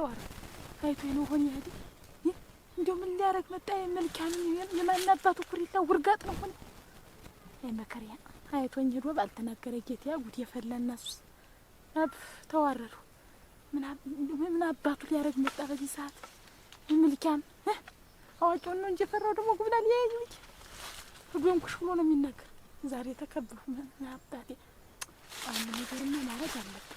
ተዋረ አይቶ ይሆን ይሄድ እንዲሁ ምን ሊያረግ መጣ? የመልካም የማናባቱ ኩሪላ ውርጋጥ ነው ሆነ የመከሪያ አይቶኝ ሄዶ ባልተናገረ ጌታ ጉድ የፈላና ሱስ አብ ተዋረሩ። ምን አባቱ ሊያረግ መጣ? በዚህ ሰዓት የመልካም አዋቂውን ነው እንጂ የፈራው ደግሞ እንጂ ብሎ ነው የሚናገር። ዛሬ አባቴ። ነገርማ ማረግ አለብን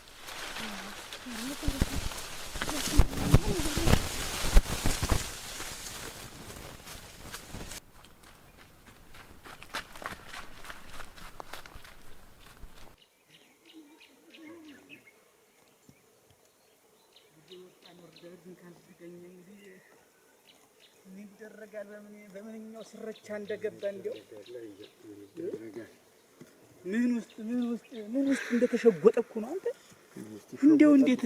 ይደረጋል በምንኛው ስረቻ እንደገባ እንዲያው ምን ውስጥ ምን ውስጥ እንደተሸጎጠኩ ነው አንተ እንዲያው እንዴት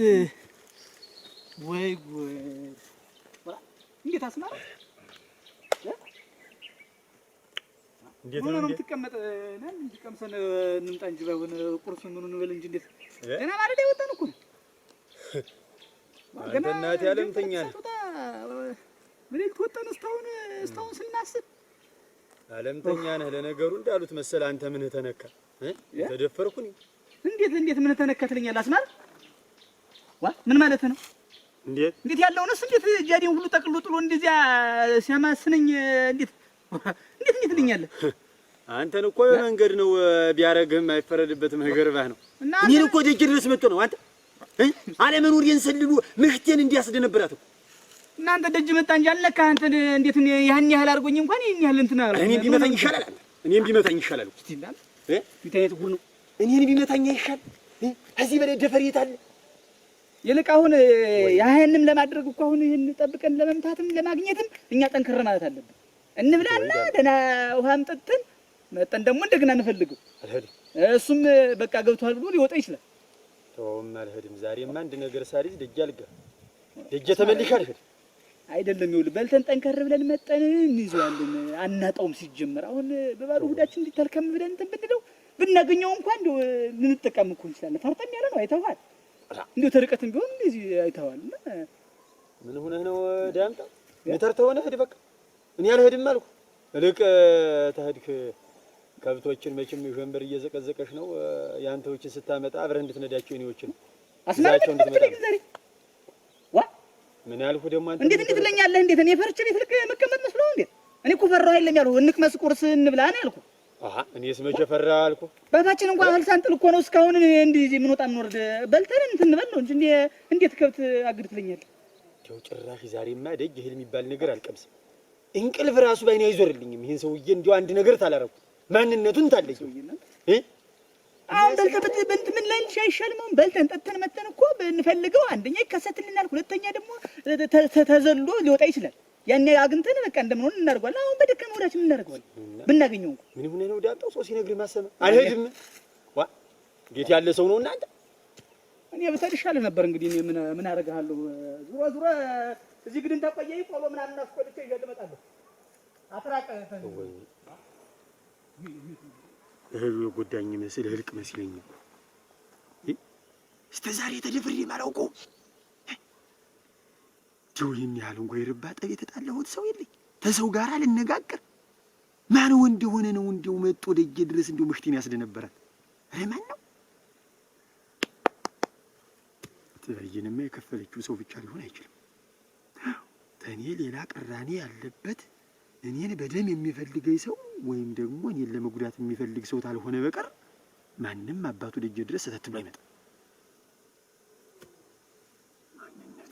ወይ ጉድ! እንዴት አስማረ እንዴት ነው የምትቀመጥ? ነን እንዲቀምሰን እንምጣ እንጂ ባይሆን ቁርስ ምን እንበል እንጂ። እንዴት ገና ማለዳ የወጣን እኮ ነው። ገና እናት ያለምተኛል በሌሊት ወጣን። እስካሁን እስካሁን ስናስብ አለምተኛ ነህ። ለነገሩ እንዳሉት መሰል አንተ ምን ተነካ? ተደፈርኩኝ። እንዴት እንዴት ምን ተነካ ትለኛለህ? አስማራ ዋ ምን ማለት ነው? እንዴት እንዴት ያለውንስ እንዴት ጃዴን ሁሉ ጠቅሎ ጥሎ እንደዚያ ሲያማስነኝ እንዴት እንዴት እንዴት ልኛለህ? አንተን እኮ መንገድ ነው ቢያረግህም አይፈረድበትም። ህገርባህ ነው። እኔን እኮ ደጅ ድረስ መጥቶ ነው አንተ አለመኖሬን ሰልሉ ምሽቴን እንዲያስደነብራት እኮ እናንተ ደጅ መጣ እንጂ አልነካ። አንተ እንዴት ያን ያህል አድርጎኝ እንኳን ይሄን ያህል እንትን አለ። እኔን ቢመታኝ ይሻላል እኔም ቢመታኝ ይሻላል። እስቲ እንዳል እ ቢታየት ጉድ ነው። እኔን ቢመታኝ አይሻል? እዚህ በላይ ደፈር የት አለ? ይልቅ አሁን ያህንም ለማድረግ እኮ አሁን ይህን ጠብቀን ለመምታትም ለማግኘትም እኛ ጠንክር ማለት አለብን። እንብላና ደህና ውሃም ጠጥተን መጠን ደግሞ እንደገና እንፈልገው። እሱም በቃ ገብቷል ብሎ ሊወጣ ይችላል። ተውም አልሄድም። ዛሬማ አንድ ነገር ሳልይዝ ደጅ አልጋ ደጀ ተመልሼ አልሄድም። አይደለም ይኸውልህ፣ በልተን ጠንከር ብለን መጠን እንይዘዋለን፣ አናጣውም። ሲጀምር አሁን በባዶ ሁዳችን እንዲታልከም ብለን እንትን ብንለው ብናገኘው እንኳን ልንጠቀም እኮ እንችላለን። ፈርጠም ያለ ነው አይተውሃል። እንዲሁ ተርቀትም ቢሆን እንደዚህ አይተዋል። ምን ሆነህ ነው ዳምጣ? ተሆነ ሂድ በቃ። እኔ አልሄድም አልኩ። እልቅ ከብቶችን መቼም ሸንበር እየዘቀዘቀሽ ነው። የአንተዎችን ስታመጣ አብረህ እንድትነዳቸው የኔዎችን አስናቸው እንድትመጣ ዋ ምን ደግሞ አንተ እንዴት እንዴት ትለኛለህ? እንዴት እኔ ፈርቼ መቀመጥ እንዴት እኔ እኮ ፈራሁ እንቅመስ ቁርስ ያልኩህ እኔስ መቼ ፈራ አልኩ። በታችን እንኳን እህል ሳንጥል እኮ ነው እስካሁን እንዲህ የምንወጣ የምንወርድ። በልተን እንትን እንበል ነው እንጂ እንዴት ከብት አግድ ትለኛለህ? ይኸው ጭራሽ ዛሬማ ደጅ እህል የሚባል ነገር አልቀምስም። እንቅልፍ ራሱ ባይኔ አይዞርልኝም። ይህን ሰውዬ እንዲያው አንድ ነገር ታላረኩት ማንነቱን ታለኝ አሁን በልተበት በእንትን ምን ላይ አይሻልም? በልተን ጠጥተን መተን እኮ ብንፈልገው አንደኛ ይከሰትልናል፣ ሁለተኛ ደግሞ ተዘሎ ሊወጣ ይችላል። ያኔ አግኝተን በቃ እንደምንሆን እናደርገዋለን። አሁን በደከመ ወዳችን እናደርገዋለን። ብናገኘው እንኳን ምን ይሁን ነው ዳጣው ሰው ሲነግር ማሰማ አልሄድም። ዋ ጌት ያለ ሰው ነው እናንተ። እኔ ብሰድሻለሁ ነበር እንግዲህ እኔ ምን ምን አደርግሃለሁ። ዙሮ ዙሮ እዚህ ግድን እንዳቆየኝ ቆሎ ምናምን እናስቆልቼ ይዤ እመጣለሁ። አፍራቀ እህሉ የጎዳኝ መስል ህልቅ መስለኝ እስከ ዛሬ ተደፍሬ የማላውቀው እንደው ይህን ያህል እንኳ ጠብ የተጣለሁት ሰው የለኝ። ተሰው ጋር ልነጋገር ማን ወንድ የሆነ ነው እንደው መጦ ደጄ ድረስ እንደው መሽቴን ያስደነበራል። ኧረ ማን ነው ጥበዬንማ የከፈለችው ሰው ብቻ ሊሆን አይችልም። ከእኔ ሌላ ቅራኔ ያለበት እኔን በደም የሚፈልገኝ ሰው ወይም ደግሞ እኔን ለመጉዳት የሚፈልግ ሰው ታልሆነ በቀር ማንም አባቱ ደጄ ድረስ ሰተት ብሎ አይመጣም።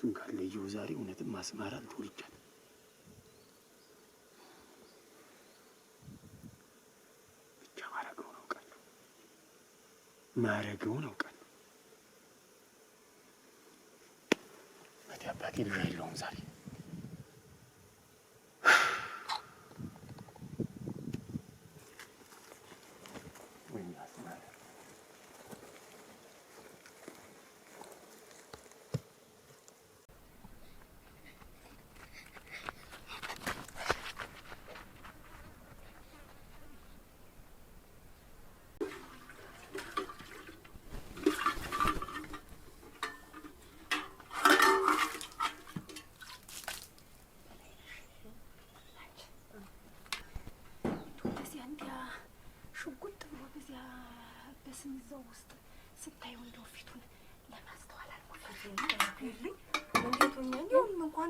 እሱን ካለየሁ ዛሬ እውነትም ማስማራት ተወልጃል። ብቻ ማረገውን አውቃለሁ፣ ማረገውን አውቃለሁ። መቴ አባቴ ልጅ የለውም ዛሬ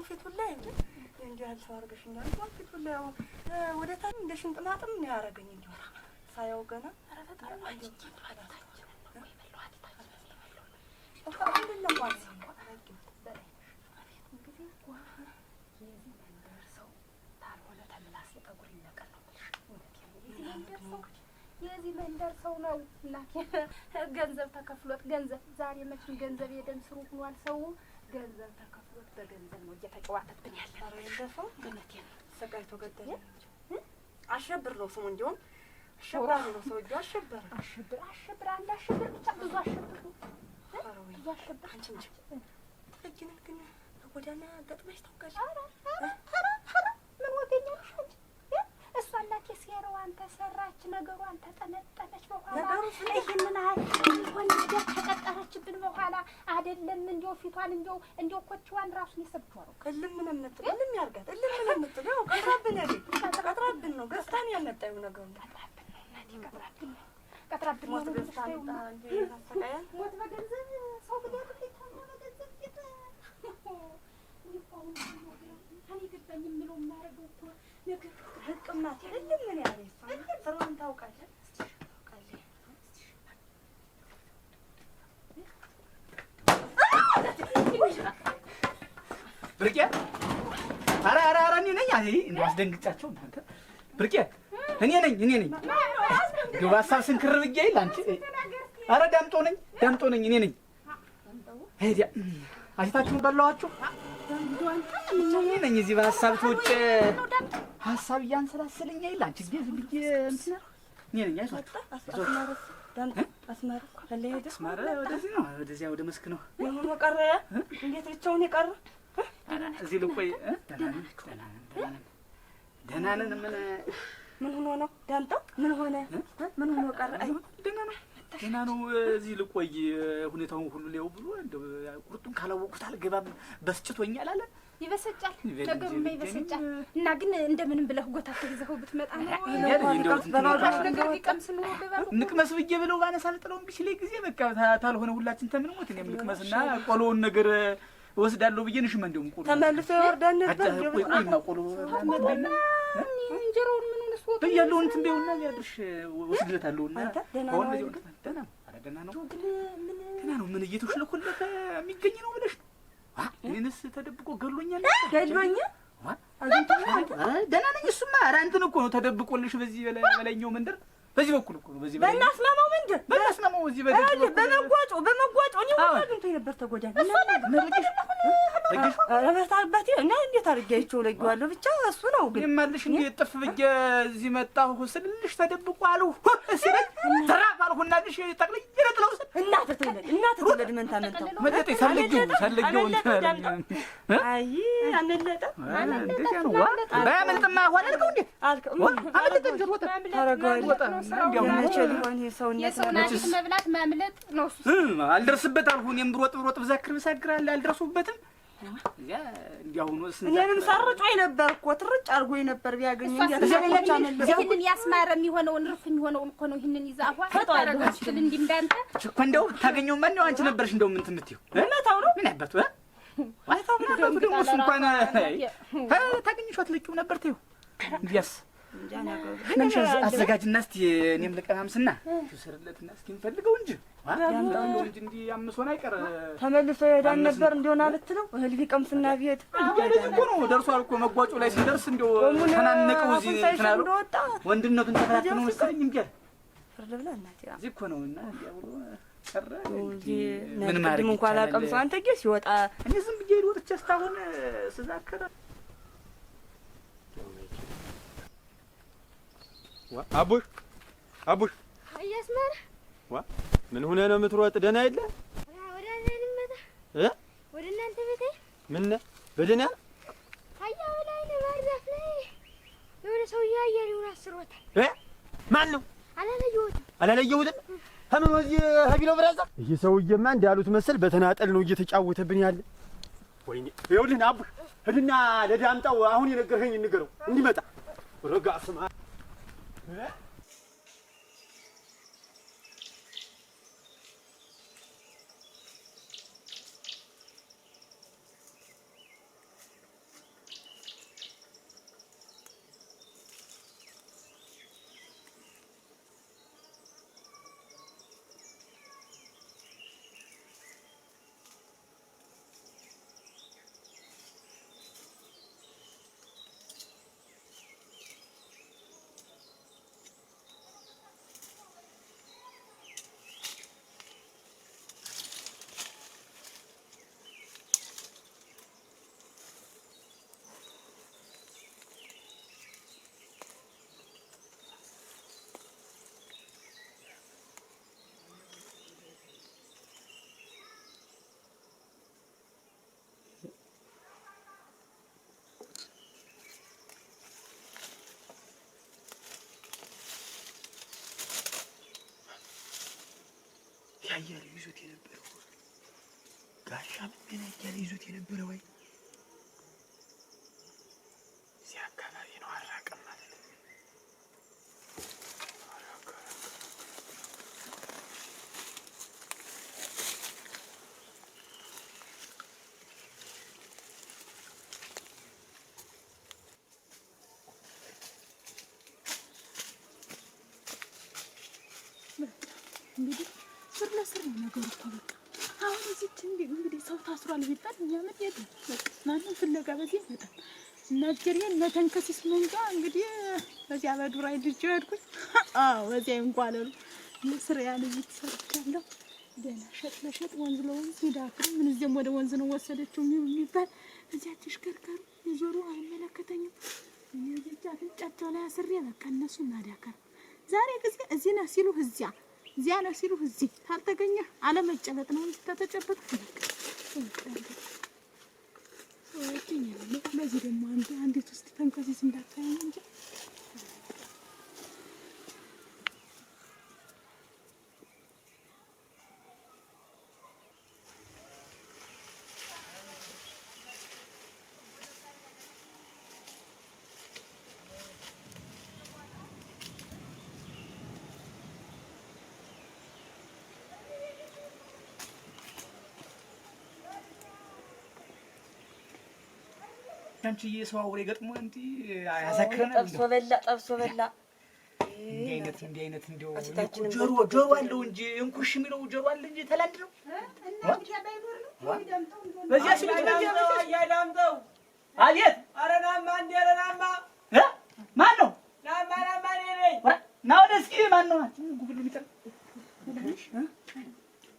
ፊቱን ላይ እንደ እንዲ ያልሰው አድርገሽኛል። እንኳን ፊቱን ላይ ወደ ታች እንደ ሽንጥላጥም ነው ያደረገኝ። እንዲ ሳያው ገና የዚህ መንደር ሰው ነው ገንዘብ ተከፍሎት ገንዘብ ዛሬ መቼም ገንዘብ የደም ስሩ ሆኗል ሰው ገንዘብ ተከፍሎት በገንዘብ ነው እየተጨዋተብን ያለ ሰው ገመቴ ነው ሰቃይቶ ገደለ። አሸብር ነው ስሙ። እንዲሁም አሸብር ነው ሰውዬው። አሸብር አሸብር አሸብር አንድ አሸብር ብቻ ብዙ አሸብር ብዙ አሸብር። አንቺ እንጂ ግን ጎዳና ገጥመሽ ታውቃለሽ? ስራዋን ተሰራች፣ ነገሯን ተጠነጠነች። በኋላ ይህንን ሆን ተቀጠረችብን። በኋላ አይደለም እንዲያው ፊቷን እንዲያው እንዲያው ኮችዋን ራሱን የሰብቸሩ እልም ምን የምትል እልም ያርጋት እልም ምን የምትል ያው ቀጥራብን ያለ ቀጥራብን ነው ገዝታን ያመጣዩ ነገሩ ቀጥራብን ነው እናቴ ቀጥራብን ነው ቀጥራብን ሞት ገዝታን ታሰቃያል። ሞት በገንዘብ ሰው ብዳት ሊታማ በገንዘብ የምለው የማረገው እኮ ነገር ህቅማት እልም ምን ያለ ቁጥሩን ታውቃለህ? ብርቄ ኧረ ኧረ ኧረ እኔ ነኝ። አይ እንደው አስደንግጫቸው እናንተ። ብርቄ እኔ ነኝ እኔ ነኝ። ግብ ሀሳብ ስንክር ብዬ ለአንቺ ኧረ ዳምጦ ነኝ ዳምጦ ነኝ እኔ ነኝ። አሽታችሁን በላኋችሁ። እኔ ነኝ እዚህ በሀሳብ ተውጬ ሀሳብ እያንሰላስልኛ አይደል? አንቺ ቤት ብዬ እንትን እኔ ነኝ። ወደዚህ ነው፣ ወደዚያ ወደ መስክ ነው። ሆኖ ቀረ። እንዴት ብቻውን የቀረ እዚህ ልቆይ። ደህና ነን። ምን ምን ሆኖ ነው ዳምጠው? ምን ሆነ? ምን ሆኖ ቀረ? ደህና ነው፣ ነው። እዚህ ልቆይ ሁኔታውን ሁሉ ሊያው ብሎ ቁርጡን ካላወቁት አልገባም በስጭቶኛል አለ ይበሰጫል ነገሩማ ይበሰጫል። እና ግን እንደምንም ብለህ ጎታተህ ይዘኸው ብትመጣ ነው ንቅመስ ብዬ ብለው ባነሳ ልጥለው እምቢ ጊዜ በቃ ታልሆነ ሁላችን ተምንሞት እኔም ንቅመስና ቆሎውን ነገር እወስዳለሁ ብዬ ንሽመ እንደውም ቆሎ ተመልሶ ይወርዳል ነበር ቆሎ እንጀራውን ምን ነስ ወጥ ያለውን እንትን ቢሆንና ያድርሽ ወስድለታለሁና አሁን ደህና ነው ደህና ነው ምን እየተሽለኮለተ የሚገኝ ነው ብለሽ ነው እኔንስ ተደብቆ ገሎኛል። ገሎኛ ደህና ነኝ። እሱማ ኧረ አንተን እኮ ነው ተደብቆልሽ። በዚህ በላይኛው መንደር በዚህ በኩል እኮ ነው። በዚህ በእነ መንደር በእነ አስማማው እዚህ በመጓጮ በመጓጮ እኔ ሁሉ አግኝቶኝ ነበር። ተጎዳኝ በታበት እና እንዴት አድርጌ አይቼው ለጌዋለሁ። ብቻ እሱ ነው ግን ይመልሽ እንዴ ጥፍ ብዬ እዚህ መጣሁ ስልሽ ተደብቆ አልሁ ሲለኝ ተራ ባልሁና ልሽ ጠቅልዬ ልጥለው ስል እናትህ ትውለድ እናትህ ትውለድ መንታ መንታ መጠጥ ሰልጌው ሰልጌው አይ አንለጠ እንዴት ያለው በምንጥማ ሆነ ልከው እንዴ አመለጠ እንጀት ወጣ ታረጋው ወጣ እንደምንችል ሆን የሰውነት መብላት ማምለጥ ነው። አልደርስበት አልሁ እኔም ብሮጥ ብሮጥ ብዛክር ብሳግራል አልደረሱበትም እኔንም ሰርጮኝ ነበር እኮ ትርጭ አድርጎኝ ነበር ቢያገኝ ይህንን ያስማረ የሚሆነውን ርፍ የሚሆነውን እኮ ነው። ይህንን ይዛ እንዲህ እንዳንተ እኮ እንደው ታገኘው ማን አንቺ ነበርሽ እንደው ምን ትምትይው እውነታው ነው። ምን ያበቱ አይታው ምን ያበቱ ደግሞ እሱ እንኳን ታገኝሽ አትለቂው ነበር ትይው እንዲያስ አዘጋጅና እስኪ እኔም ልቀማምስና ስርለትና እስኪ እንፈልገው እንጂ እንጂ እንዲህ አምሶን አይቀር ተመልሶ ይሄዳል ነበር። እንዲሆን አልትለው እህል ቢቀምስና ብሄድ እንደዚህ እኮ ነው። ደርሷል እኮ መጓጩ ላይ ሲደርስ እንዲያው ተናንቀው እዚህ እንትን ወንድነቱን ተፈታትነው መሰለኝ እምቢ ፍርድ ብላ እናቴ እዚህ እኮ ነው እና ምን ማድረግ እንኳን አላቀምሰው አንተ ጌስ ይወጣ እኔ ዝም ብዬ ወጥቼ እስካሁን ስዛከረ አቡሽ አቡሽ አያስማር ዋ ምን ሆነ ነው የምትሮጥ? ደህና አይደለ? ወደ እኔ እናንተ ቤት ምን በደህና አያው ላይ ነው ባህር ላይ የሆነ አስሮታል። እ ማን ነው? አላለየሁትም አላለየሁትም። ከምን ሀቢሎ ብራዛ ይህ ሰውዬማ እንዳሉት መሰል በተናጠል ነው እየተጫወተብን ያለ። ወይኔ ይኸውልህን አቡሽ ሂድና ለዳምጣው አሁን የነገርኸኝ ንገረው እንዲመጣ ረጋ ስማ Yeah. እያለ ይዞት የነበረው ጋሻ ምን እያለ ይዞት የነበረው ታስሯል ቢባል ምን የት ማንም ፍለጋ በዚህ ይመጣል። እና ጀርሜን መንጋ እንግዲህ በዚያ በዱራይ ልጅ ያድኩኝ። አዎ በዚያ እንኳለሉ ምስር ያለ ይተሰርካለሁ ደህና ሸጥ ለሸጥ ወንዝ ለወንዝ ሄዳክም ምን እዚያም ወደ ወንዝ ነው ወሰደችው የሚባል እዚያ ተሽከርካሪ የዞሩ አይመለከተኝም። ጫጫቸው ላይ አስሬ በቃ እነሱ ማዳከር ዛሬ ጊዜ እዚህ ነህ ሲሉ እዚያ እዚያ ነህ ሲሉ እዚህ ካልተገኘ አለመጨበጥ ነው እንጂ ተተጨበጥኩ ሰዎችን በዚህ ደግሞ አንዲት ውስጥ ተንከሲስ እንዳታየኝ እንጂ ያንቺዬ የሰው አውሬ ገጥሞ እንዲህ ያሰክረናል። ጠብሶ በላ ጠብሶ በላ። እንዲህ አይነት እንዲህ አይነት እንዲያው ጆሮ ጆሮ አለው እንጂ እንኩሽ የሚለው ጆሮ አለ እንጂ ተላድ ነው። በዚያ ስሉት እያዳምጠው። አቤት። ኧረ ናማ እንዴ! ኧረ ናማ ማን ነው? ናማ ናማ እኔ ነኝ። ና ወደ እስኪ ማን ነው? ጉብል ሚጠር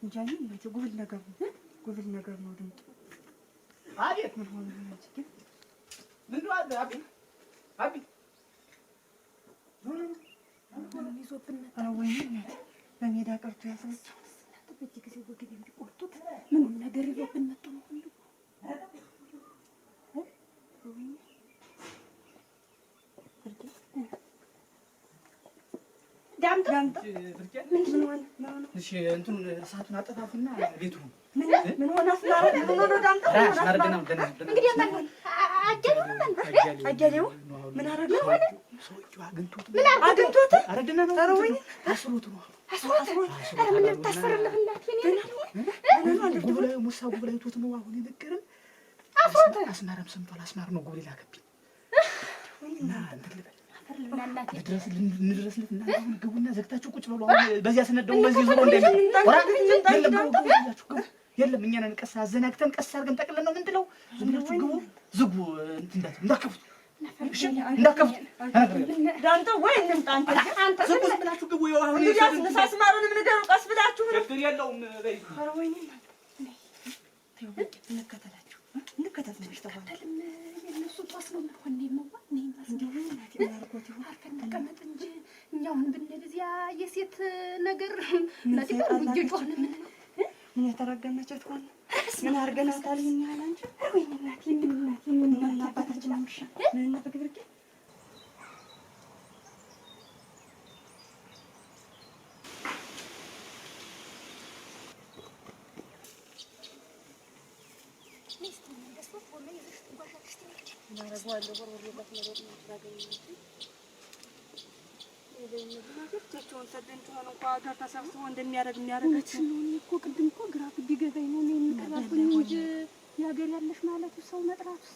እንጃ ጉብል ነገር ነው ጉብል ነገር ነው ድምጡ። አቤት ምን ሆነ? በሜዳ ቀርቶ ያስነሳው በዚህ ጊዜ ወገብ የሚቆርጡት ምንም ነገር ይዞብን መጡ ነው ሁሉ እንትኑን እሳቱን አጠፋፉና ቤቱ ምን ሆነ? አያሌው ምን አረገ? አግኝቶት ረወኝ አስሮት ነው አስሮት ምን ልታሰርልህ ሙሳ ጉብላይቶት ነው አሁን የነገረን። አስሮት አስማረም ሰምቷል። አስማር ነው ጉብሌ ላከብኝ እና እንትን ልበል እንድረስልህ ግቡና ዘግታችሁ ቁጭ በሉ። በዚያ ስነደው በዚህ ዙሮ የለም እኛን ቀስ አዘናግተን ቀስ አድርገን ጠቅለን ነው ምንድለው ዝም ብላችሁ ግቡ ዝጉ እንዳከፉት እንዳከፉት ዳንተ ወይ እንምጣ አንተ ብላችሁ ግቡ። ንሳስማሩንም ንገሩ ቀስ ብላችሁ ችግር የለውም። እንከተላችሁ እንከተል የእነሱ ጦስ ነው እንቀመጥ እንጂ እኛውን ብንል እዚያ የሴት ነገር ምን የተረገመች ትሆን ምን አድርገናታል? ይሄን ያህል አንቺ ወይኔ እናቴ ምን እናቴ ምን እናቴ አባታችን አምሻ ምን እናቴ በግብርጌ ሚስት ምን ደስቦ ቆመኝ ይዘሽ ጓሻ ትሽት ነው አለ ወር ወር ይበት ነው ያገኘው ተሰብስቦ እንደሚያደርግ የሚያደርጋቸው እኮ ቅድም ያለሽ ማለቱ ሰው መጥራቱስ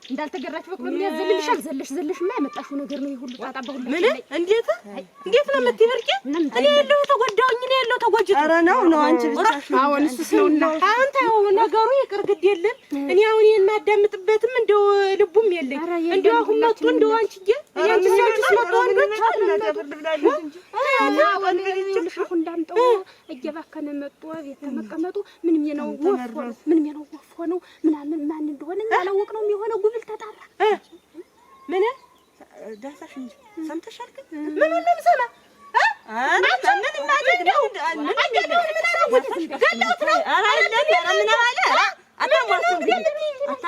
እንዳልተገራች በኩል ምን ዘልልሻል? ዘለሽ ዘለሽ ማ ያመጣሽው ነገር ነው ይሁሉ ጣጣ። በሁሉ ምን እንዴት እንዴት ነው የምትይበርቂ? እኔ ያለው ተጎዳውኝ እኔ ያለው ተጎጂ። ኧረ ነው ነው አንቺ ብቻሽ ነው። አሁን እሱ ስለውና አሁን ታው ነገሩ ይቅር ግድ የለም። እኔ አሁን የማዳምጥበትም እንደው ልቡም የለኝ እንደው አሁን መጥቶ እንደው አንቺ ጌ ያንቺ ሰዎች ስለወጣ ወንዶች አሉ ፍርድ ብላለች እንጂ አያ ወንዶች እንዳምጠው እየባከነ መጡ። ቤት ተመቀመጡ ምንም የነው ወፍ ምንም የነው ወፍ ሆነው ምናምን ማን እንደሆነ ያላወቅ ነው የሚሆነው ጉብል ተጣራ ምን ዳሳሽ እንጂ ሰምተሻል? ግን ምን ሁሉም ሰማ ምን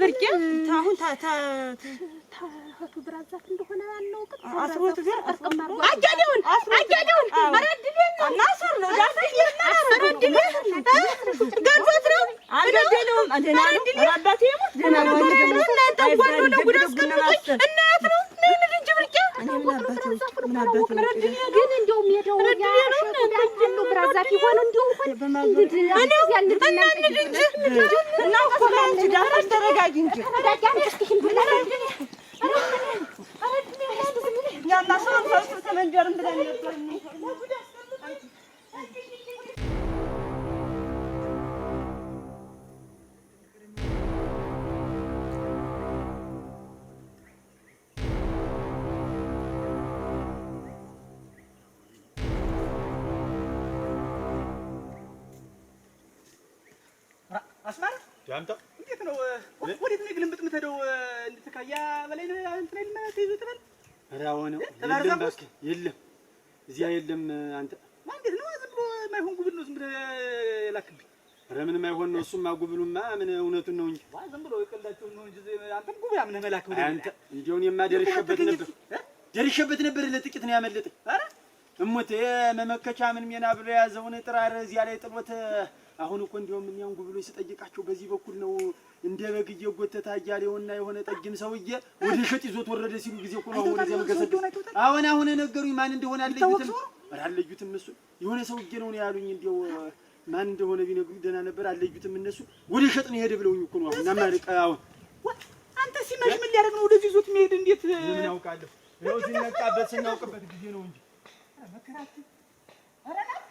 ብርቄ አሁን ታቱ ብራዛት እንደሆነ አናውቅም። አስሮት ጋር አጃዴውን አጃዴውን መረድልን እና ሱር ነው ገዶት ነው መረድልን እናት ነው ግን እንደው ሜዳው ያለው አስማራ ያንተ እንዴት ነው? ወዴት ነው ግልምጥ የምትሄደው? እንድትካያ በላይ ነው እንትን አይልም ማለት ትበል። ኧረ አሁን የለም እባክህ የለም፣ እዚያ የለም። አንተ እንዴት ነው ዝም ብሎ የማይሆን ጉብል ነው ዝም ብለህ ላክብኝ። ኧረ ምንም አይሆን ነው እሱማ፣ ጉብሉማ ምን እውነቱን ነው እንጂ ዝም ብሎ የቀልዳችሁን ነው እንጂ አንተም ጉብል አምነህ መላክ። አንተ እንደው እኔማ ነበር፣ ደርሼበት ነበር። ለጥቂት ነው ያመለጠኝ። ኧረ እሙት መመከቻ ምን ሜና ብሎ የያዘውን ጥራር እዚያ ላይ ጥሎት፣ አሁን እኮ እንዲያውም እኛን ጉብሎ ስጠይቃቸው በዚህ በኩል ነው እንደ በግ እየጎተታ እያሌውና የሆነ ጠጅም ሰውዬ ወደ ሸጥ ይዞት ወረደ ሲሉ ጊዜ እኮ ነው። አሁን እዚያ አሁን አሁን ነገሩኝ። ማን እንደሆነ አለዩትም አለዩትም። እሱ የሆነ ሰውዬ ነው ያሉኝ እንዲያው ማን እንደሆነ ቢነግሩኝ ደህና ነበር። አለዩትም። እነሱ ወደ ሸጥ ነው የሄደ ብለውኝ እኮ ነው። አሁን እናማልቀ አሁን አንተ ሲመሽ ምን ሊያደርግ ነው ወደዚህ ይዞት የሚሄድ? እንዴት ምን ያውቃለሁ? ያው ሲነቃበት ስናውቅበት ጊዜ ነው እንጂ መከራችሁ